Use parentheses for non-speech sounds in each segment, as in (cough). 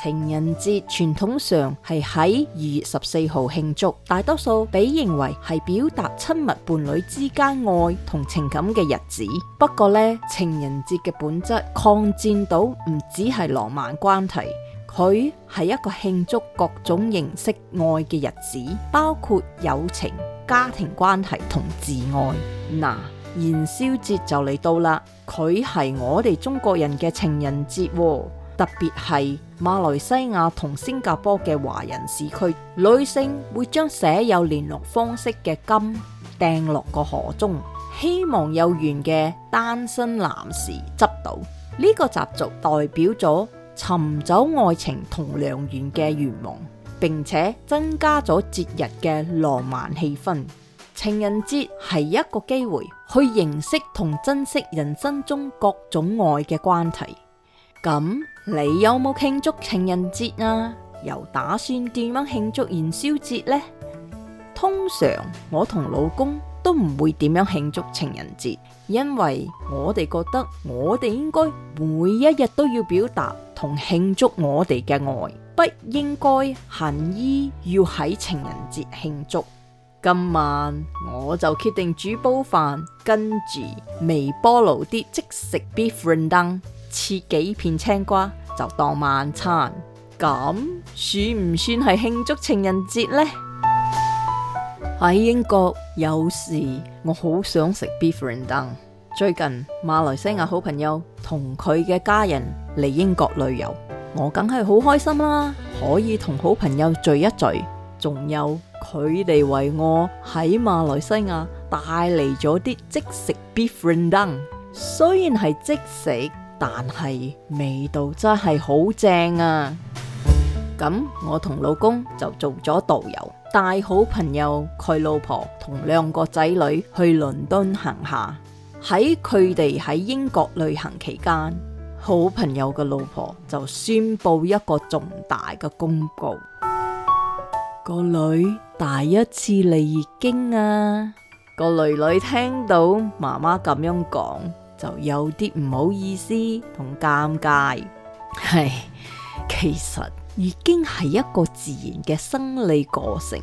情人節傳統上係喺二月十四號慶祝，大多數被認為係表達親密伴侶之間愛同情感嘅日子。不過呢，情人節嘅本質擴展到唔止係浪漫關係，佢係一個慶祝各種形式愛嘅日子，包括友情、家庭關係同自愛。嗱，元宵節就嚟到啦，佢係我哋中國人嘅情人節喎。特別係馬來西亞同新加坡嘅華人市區，女性會將寫有聯絡方式嘅柑掟落個河中，希望有緣嘅單身男士執到。呢個習俗代表咗尋找愛情同良緣嘅願望，並且增加咗節日嘅浪漫氣氛。情人節係一個機會去認識同珍惜人生中各種愛嘅關係，咁。你有冇慶祝情人節啊？又打算點樣慶祝元宵節呢？通常我同老公都唔會點樣慶祝情人節，因為我哋覺得我哋應該每一日都要表達同慶祝我哋嘅愛，不應該限於要喺情人節慶祝。今晚我就決定煮煲飯，跟住微波爐啲即食 beef rendang 切幾片青瓜就當晚餐，咁算唔算係慶祝情人節呢？喺英國有時我好想食 beef rendang。最近馬來西亞好朋友同佢嘅家人嚟英國旅遊，我梗係好開心啦，可以同好朋友聚一聚。仲有佢哋為我喺馬來西亞帶嚟咗啲即食 beef rendang，雖然係即食。但係味道真係好正啊！咁我同老公就做咗導遊，帶好朋友佢老婆同兩個仔女去倫敦行下。喺佢哋喺英國旅行期間，好朋友嘅老婆就宣布一個重大嘅公告：個 (music) 女第一次嚟月經啊！個女女聽到媽媽咁樣講，就有啲唔好意思同尷尬，係其實已經係一個自然嘅生理過程。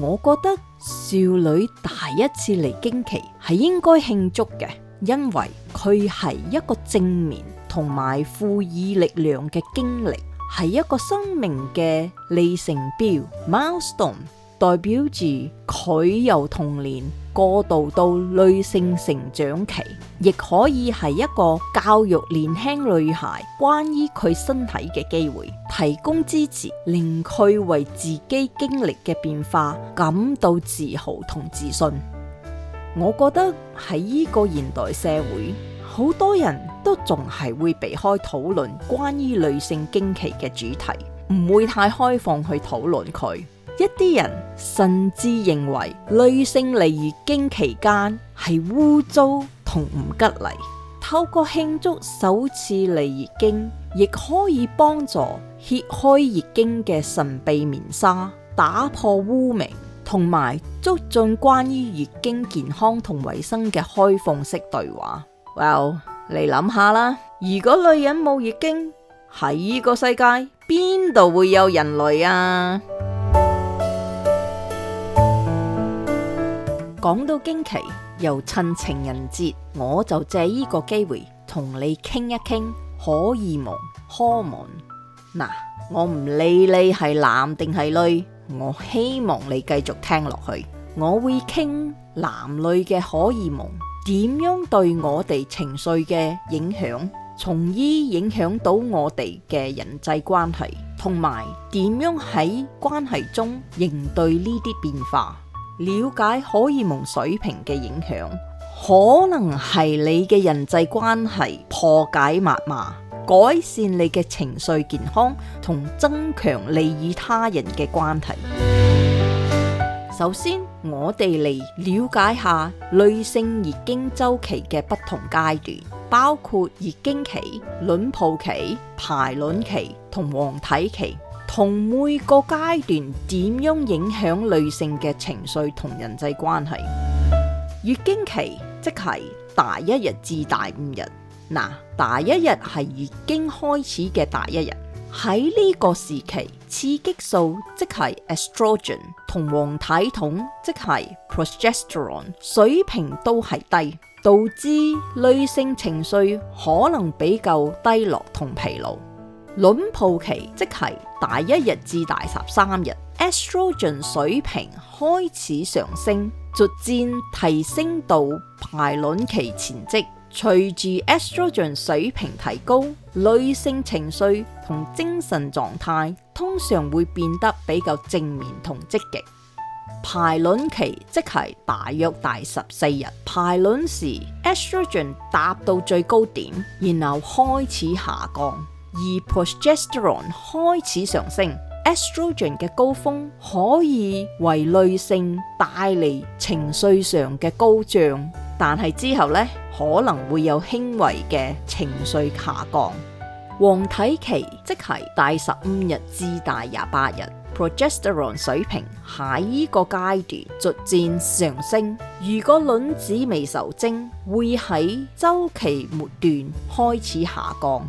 我覺得少女第一次嚟經期係應該慶祝嘅，因為佢係一個正面同埋賦予力量嘅經歷，係一個生命嘅里程碑 （milestone），代表住佢有童年。過渡到女性成長期，亦可以係一個教育年輕女孩關於佢身體嘅機會，提供支持，令佢為自己經歷嘅變化感到自豪同自信。我覺得喺呢個現代社會，好多人都仲係會避開討論關於女性經期嘅主題，唔會太開放去討論佢。一啲人甚至認為女性嚟月經期間係污糟同唔吉利。透過慶祝首次嚟月經，亦可以幫助揭開月經嘅神秘面紗，打破污名，同埋促進關於月經健康同衛生嘅開放式對話。哇，你諗下啦，如果女人冇月經，喺呢個世界邊度會有人類啊？講到驚奇，又趁情人節，我就借呢個機會同你傾一傾荷爾蒙。嗱，我唔理你係男定係女，我希望你繼續聽落去。我會傾男女嘅荷爾蒙點樣對我哋情緒嘅影響，從而影響到我哋嘅人際關係，同埋點樣喺關係中應對呢啲變化。了解荷爾蒙水平嘅影響，可能係你嘅人際關係破解密碼，改善你嘅情緒健康同增強你與他人嘅關係。 (music) 首先，我哋嚟了解下女性月經週期嘅不同階段，包括月經期、卵泡期、排卵期同黃體期。同每個階段點樣影響女性嘅情緒同人際關係？月經期即係第一日至第五日，嗱第一日係月經開始嘅第一日，喺呢個時期，雌激素即係 estrogen 同黃體酮即係 progesterone 水平都係低，導致女性情緒可能比較低落同疲勞。卵泡期即係大一日至大十三日，estrogen 水平開始上升，逐漸提升到排卵期前夕。隨住 estrogen 水平提高，女性情緒同精神狀態通常會變得比較正面同積極。排卵期即係大約大十四日，排卵時 estrogen 達到最高點，然後開始下降。而 progesterone 開始上升，estrogen 嘅高峰可以為女性帶嚟情緒上嘅高漲，但係之後呢可能會有輕微嘅情緒下降。黃體期即係第十五日至第廿八日，progesterone 水平喺呢個階段逐漸上升。如果卵子未受精，會喺周期末段開始下降。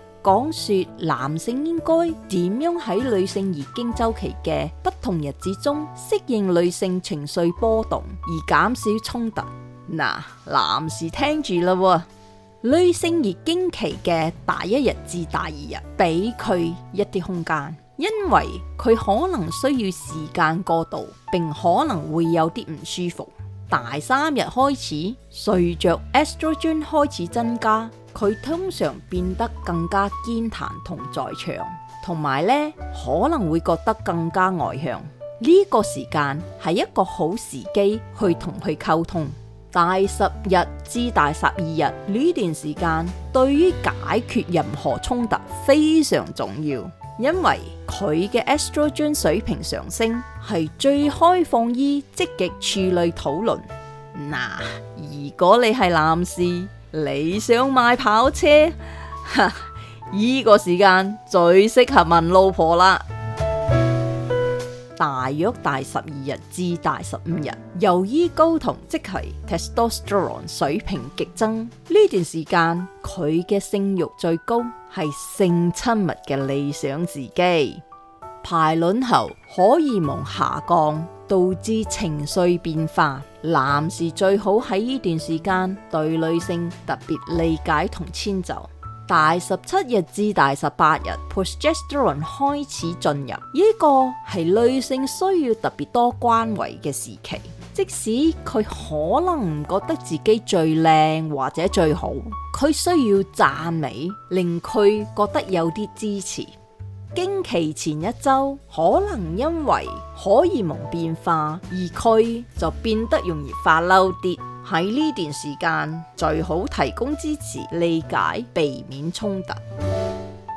講說男性應該點樣喺女性月經周期嘅不同日子中適應女性情緒波動而減少衝突。嗱，男士聽住啦，女性月經期嘅第一日至第二日，俾佢一啲空間，因為佢可能需要時間過渡，並可能會有啲唔舒服。第三日開始，隨着 estrogen 開始增加。佢通常變得更加健談同在場，同埋呢可能會覺得更加外向。呢個時間係一個好時機去同佢溝通。大十日至大十二日呢段時間，對於解決任何衝突非常重要，因為佢嘅 estrogen 水平上升係最開放於積極處理討論。嗱、啊，如果你係男士，你想買跑車？哈！呢個時間最適合問老婆啦。大約大十二日至大十五日，由於睾酮即係 testosterone 水平激增，呢段時間佢嘅性慾最高，係性親密嘅理想時機。排卵後，荷爾蒙下降，導致情緒變化。男士最好喺呢段時間對女性特別理解同遷就。大十七日至大十八日 (noise) progesterone 開始進入，呢個係女性需要特別多關懷嘅時期。即使佢可能唔覺得自己最靚或者最好，佢需要讚美，令佢覺得有啲支持。經期前一周，可能因為荷爾蒙變化，而佢就變得容易發嬲啲。喺呢段時間，最好提供支持、理解，避免衝突。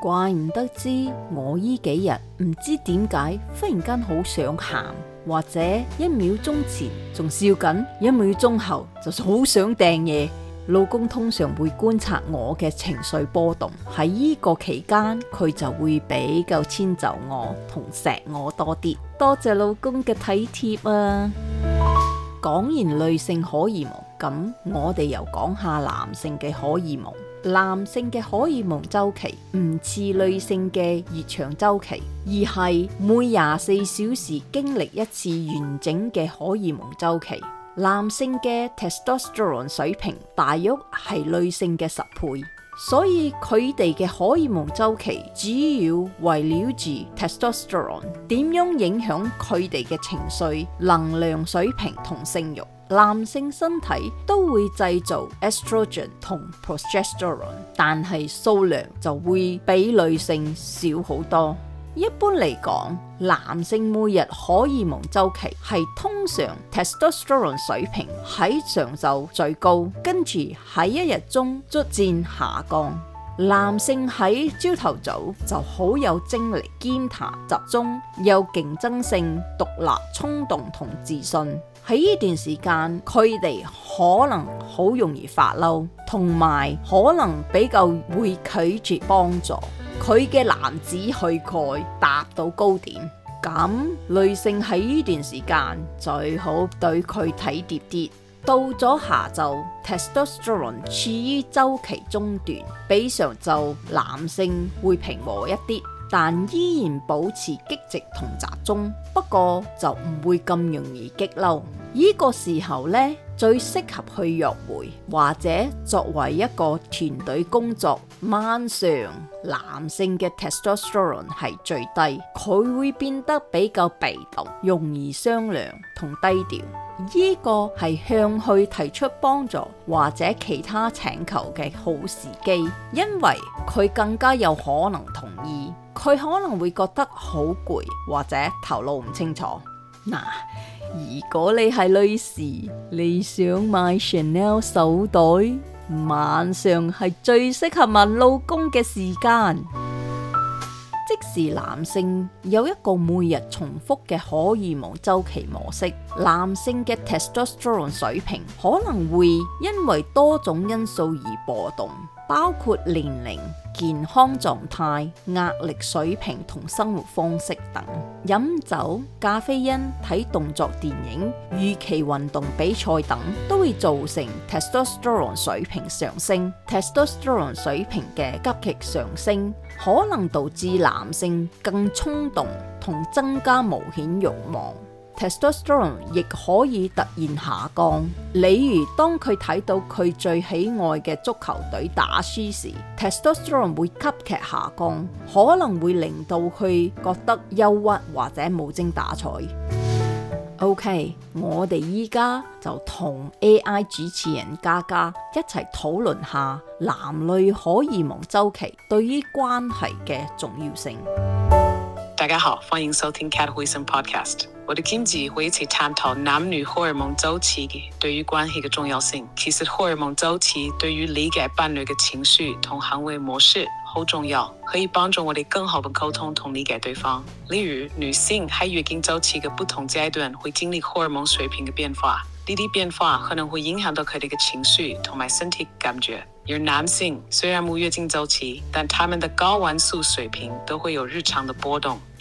怪唔得知我呢幾日唔知點解，忽然間好想喊，或者一秒鐘前仲笑緊，一秒鐘後就好想掟嘢。老公通常會觀察我嘅情緒波動，喺呢個期間佢就會比較遷就我同錫我多啲。多謝老公嘅體貼啊！講完女性荷爾蒙，咁我哋又講下男性嘅荷爾蒙。男性嘅荷爾蒙周期唔似女性嘅月長周期，而係每廿四小時經歷一次完整嘅荷爾蒙周期。男性嘅 testosterone 水平大約係女性嘅十倍，所以佢哋嘅荷爾蒙周期主要圍繞住 testosterone。點樣影響佢哋嘅情緒、能量水平同性慾？男性身體都會製造 estrogen 同 progesterone，但係數量就會比女性少好多。一般嚟講，男性每日荷爾蒙周期係通常 testosterone 水平喺上晝最高，跟住喺一日中逐漸下降。男性喺朝頭早就好有精力、兼談、集中，有競爭性、獨立、衝動同自信。喺呢段時間，佢哋可能好容易發嬲，同埋可能比較會拒絕幫助。佢嘅男子氣概達到高點，咁女性喺呢段時間最好對佢體貼啲。到咗下晝，testosterone 處於周期中段，比上晝男性會平和一啲，但依然保持積極同集中，不過就唔會咁容易激嬲。呢、這個時候呢。最適合去約會或者作為一個團隊工作。晚上男性嘅 testosterone 係最低，佢會變得比較被動，容易商量同低調。呢個係向佢提出幫助或者其他請求嘅好時機，因為佢更加有可能同意。佢可能會覺得好攰或者頭腦唔清楚。嗱。如果你係女士，你想買 Chanel 手袋，晚上係最適合問老公嘅時間。 (noise) 即使男性有一個每日重複嘅可預測周期模式，男性嘅 testosterone 水平可能會因為多種因素而波動。包括年齡、健康狀態、壓力水平同生活方式等，飲酒、咖啡因、睇動作電影、預期運動比賽等，都會造成 testosterone 水平上升。 (noise) testosterone 水平嘅急劇上升，可能導致男性更衝動同增加冒險慾望。testosterone 亦可以突然下降，例如當佢睇到佢最喜愛嘅足球隊打輸時，testosterone 會急劇下降，可能會令到佢覺得憂鬱或者冇精打采。OK，我哋依家就同 AI 主持人嘉嘉一齊討論下男女荷爾蒙周期對於關係嘅重要性。大家好，歡迎收聽 Kat 的迴聲 Podcast。我哋今日會一起探討男女荷爾蒙周期對於關係的重要性。其實荷爾蒙周期對於理解伴侶的情緒同行為模式好重要，可以幫助我們更好的溝通同理解對方。例如，女性喺月經周期嘅不同階段會經歷荷爾蒙水平嘅變化，呢啲變化可能會影響到佢哋嘅情緒同埋身體感覺。而男性雖然冇月經周期，但他們的睾丸素水平都會有日常的波動。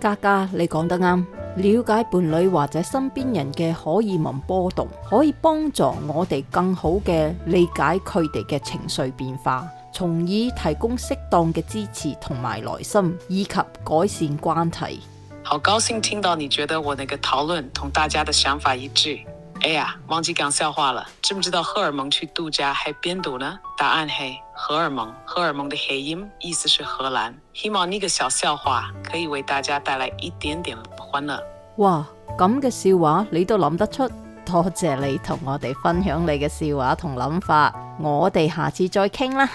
嘉嘉，你講得啱。了解伴侶或者身邊人嘅荷爾蒙波動，可以幫助我哋更好嘅理解佢哋嘅情緒變化，從而提供適當嘅支持同埋耐心，以及改善關係。好高興聽到你覺得我那個討論同大家的想法一致。哎呀，忘記講笑話了，知唔知道荷爾蒙去度假係邊度呢？答案係荷爾蒙，荷爾蒙的諧音意思是荷蘭。希望呢個小笑話可以為大家帶來一點點歡樂。哇，咁嘅笑話你都諗得出，多謝你同我哋分享你嘅笑話同諗法，我哋下次再傾啦。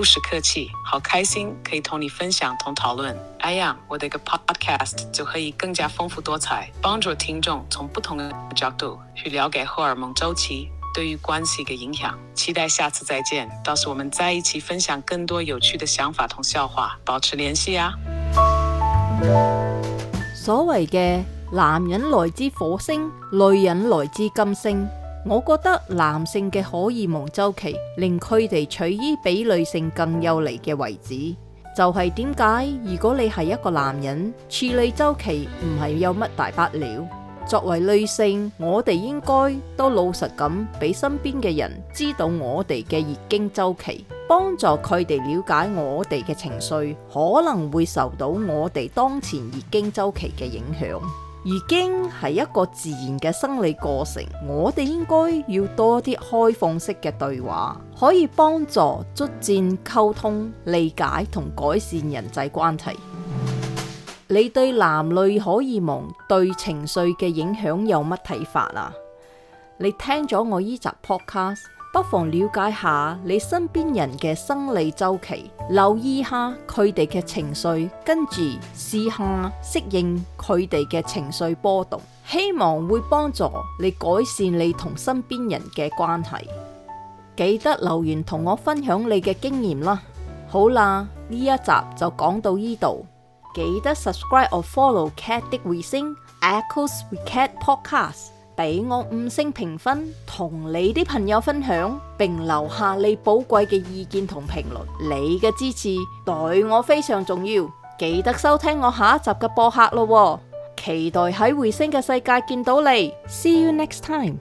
唔使客氣，好開心可以同你分享同討論。哎呀，我哋個 podcast 就可以更加豐富多彩，幫助聽眾從不同的角度去了解荷爾蒙周期對於關係嘅影響。期待下次再見，到時我們再一起分享更多有趣的想法同笑話，保持聯繫啊！所謂嘅男人來自火星，女人來自金星。我覺得男性嘅荷爾蒙周期令佢哋處於比女性更有利嘅位置，就係點解如果你係一個男人，處理周期唔係有乜大不了。作為女性，我哋應該都老實咁俾身邊嘅人知道我哋嘅月經周期，幫助佢哋了解我哋嘅情緒可能會受到我哋當前月經周期嘅影響。月經係一個自然嘅生理過程，我哋應該要多啲開放式嘅對話，可以幫助促進溝通、理解同改善人際關係。你對男女荷爾蒙對情緒嘅影響有乜睇法啊？你聽咗我呢集 podcast，不妨了解下你身邊人嘅生理周期，留意下佢哋嘅情緒，跟住試下適應佢哋嘅情緒波動，希望會幫助你改善你同身邊人嘅關係。記得留言同我分享你嘅經驗啦！好啦，呢一集就講到呢度，記得 subscribe 或 follow Kat 的迴聲 Echoes with Kat Podcast。俾我五星評分，同你啲朋友分享，並留下你寶貴嘅意見同評論。你嘅支持對我非常重要，記得收聽我下一集嘅播客咯。期待喺迴聲嘅世界見到你。See you next time。